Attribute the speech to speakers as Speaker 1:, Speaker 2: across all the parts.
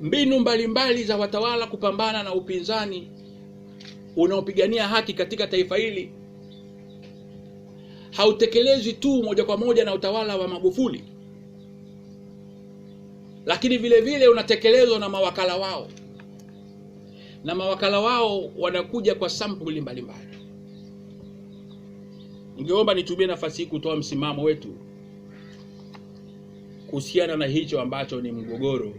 Speaker 1: mbinu mbalimbali za watawala kupambana na upinzani unaopigania haki katika taifa hili hautekelezwi tu moja kwa moja na utawala wa Magufuli, lakini vile vile unatekelezwa na mawakala wao, na mawakala wao wanakuja kwa sampuli mbalimbali. Ningeomba nitumie nafasi hii kutoa msimamo wetu kuhusiana na hicho ambacho ni mgogoro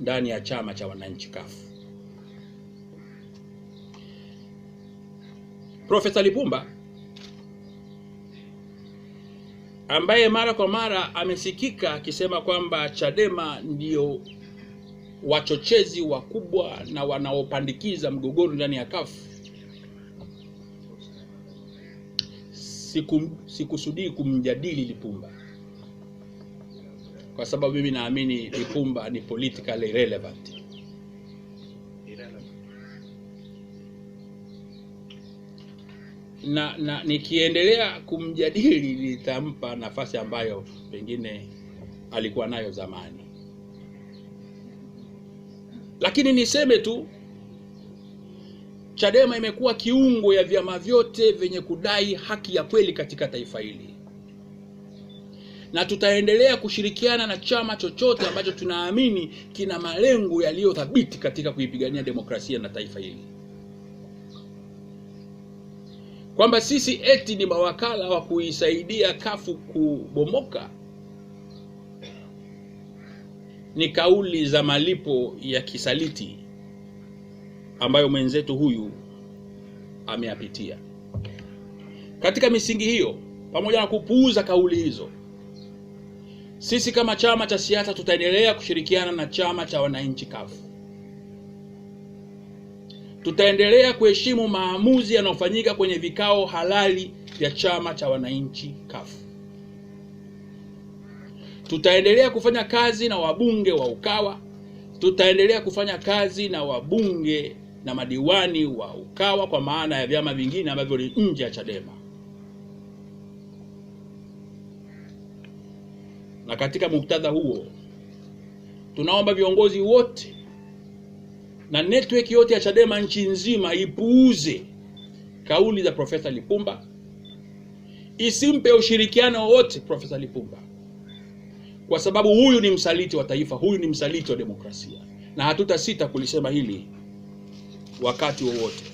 Speaker 1: ndani ya chama cha wananchi kafu. Profesa Lipumba ambaye mara kwa mara amesikika akisema kwamba Chadema ndio wachochezi wakubwa na wanaopandikiza mgogoro ndani ya kafu, sikusudii siku kumjadili Lipumba kwa sababu mimi naamini Lipumba ni politically relevant. Na, na nikiendelea kumjadili nitampa nafasi ambayo pengine alikuwa nayo zamani, lakini niseme tu Chadema imekuwa kiungo ya vyama vyote vyenye kudai haki ya kweli katika taifa hili na tutaendelea kushirikiana na chama chochote ambacho tunaamini kina malengo yaliyo thabiti katika kuipigania demokrasia na taifa hili. Kwamba sisi eti ni mawakala wa kuisaidia kafu kubomoka ni kauli za malipo ya kisaliti ambayo mwenzetu huyu ameyapitia. Katika misingi hiyo, pamoja na kupuuza kauli hizo sisi kama chama cha siasa tutaendelea kushirikiana na chama cha wananchi CUF. Tutaendelea kuheshimu maamuzi yanayofanyika kwenye vikao halali vya chama cha wananchi CUF. Tutaendelea kufanya kazi na wabunge wa Ukawa, tutaendelea kufanya kazi na wabunge na madiwani wa Ukawa kwa maana ya vyama vingine ambavyo ni nje ya Chadema. Na katika muktadha huo, tunaomba viongozi wote na network yote ya Chadema nchi nzima ipuuze kauli za Profesa Lipumba, isimpe ushirikiano wote Profesa Lipumba, kwa sababu huyu ni msaliti wa taifa, huyu ni msaliti wa demokrasia, na hatutasita kulisema hili wakati wowote.